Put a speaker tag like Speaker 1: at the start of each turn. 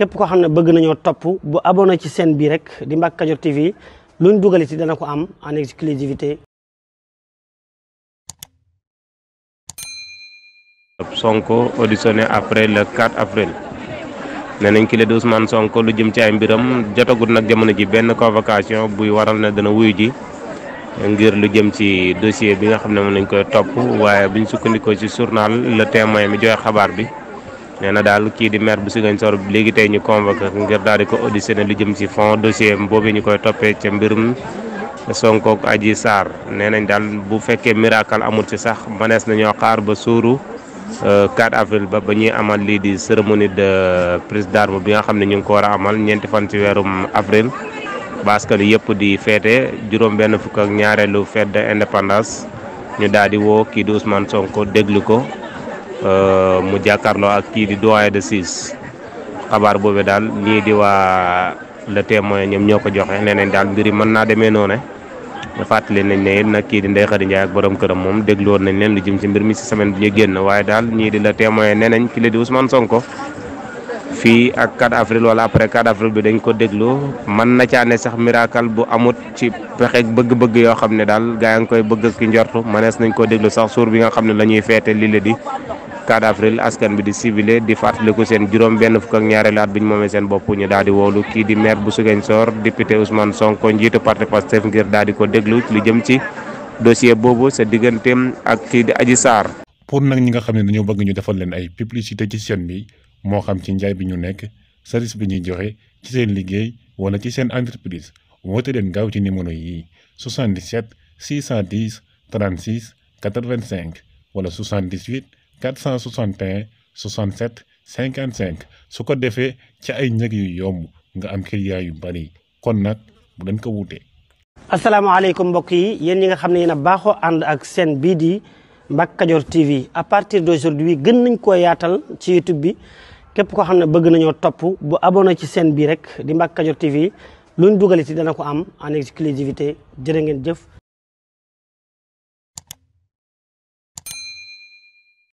Speaker 1: képp koo xam ne bëgg nañoo topp bu abonné ci chaîne bi rek di Mbacke Kadior TV luñ dugal dana ko am en exclusivité
Speaker 2: Sonko auditionné après le 4 avril nee nañ kile di Ousmane sonk lu jëm ci ay mbiram jotagut nag jamono ji benn convocation buy waral ne dana wuyu ji ngir lu jëm ci dossier bi nga xam ne mën nañ koy topp waaye buñ sukkandikoo ci journal la témoin mi joxe xabaar bi nee na daal kii di maire bu Ziguinchor léegi tey ñu convoqué ngir daal di ko auditionné lu jëm ci fond dossier boobu ñu koy toppee ca mbirum Sonko ak Adji Sarr nee nañ daal bu fekkee miracle amut ci sax mënees nañoo xaar ba suuru 4 euh, avril ba ba ñuy amal lii di cérémonie de prise d'armes bi nga xam ne ñu ngi ko war a amal ñeenti fan ci weerum avril baskan yëpp di feete juróom benn fukk ak ñaareelu fête indépendance ñu daal di woo kii di Ousmane Sonko déglu ko Euh, mu jàkkaarloo ak kii di doyen de Ciss xabaar boobu daal ñii di waa le témoin ñoom ñoo ko joxe nee nañ daal mbir yi mën naa demee noonu ne fàttali nañ ne it nag kii di Ndeye Khady Ndiaye ak borom këram moom dégloo nañ leen lu jëm ci mbir mi si semaine bi ñu génn waaye daal ñii di le témoin nee nañ ki la di Ousmane Sonko. fii ak 4 avril wala après 4 avril bi dañ ko déglu man na caa ne sax miracle bu amut ci pexe bëgg-bëgg yoo xam ne daal gaa yi ngi koy bëgg ki njortu mënees nañ koo déglu sax suur bi nga xam ne la ñuy feete lii 4 avril askan bi di civilé di fàttaliku seen juróom benn fukk ak ñaareelu at bi moomee seen bopp ñu daal di woolu kii di maire bu Ziguinchor député Ousmane Sonko njiitu parti Pastef ngir daal di ko déglu lu jëm ci dossier boobu sa digganteem ak kii di Adji Sarr.
Speaker 3: pour nag ñi nga xam ne dañoo bëgg ñu defal leen ay publicité ci seen bi moo xam ci njaay bi ñu nekk service bi ñuy joxe ci seen liggéey wala ci seen entreprise woote leen gaaw ci numéro yi 77 610 36 85 wala 78. 461 67 55 su ko defee ci ay njëg yu yomb nga am client yu bari kon nag bu dañ ko wuute.
Speaker 1: asalaamaaleykum mbokk yi yéen yi nga xam ne yi na baaxoo ànd ak seen bii di Mbacke Kadior TV à partir d'aujourd'hui gën nañ koo yaatal ci YouTube bi képp koo xam ne bëgg nañoo topp bu abonné ci seen bii rek di Mbacke Kadior TV luñ dugaliti dana ko am en exclusivité jërë ngeen jëf.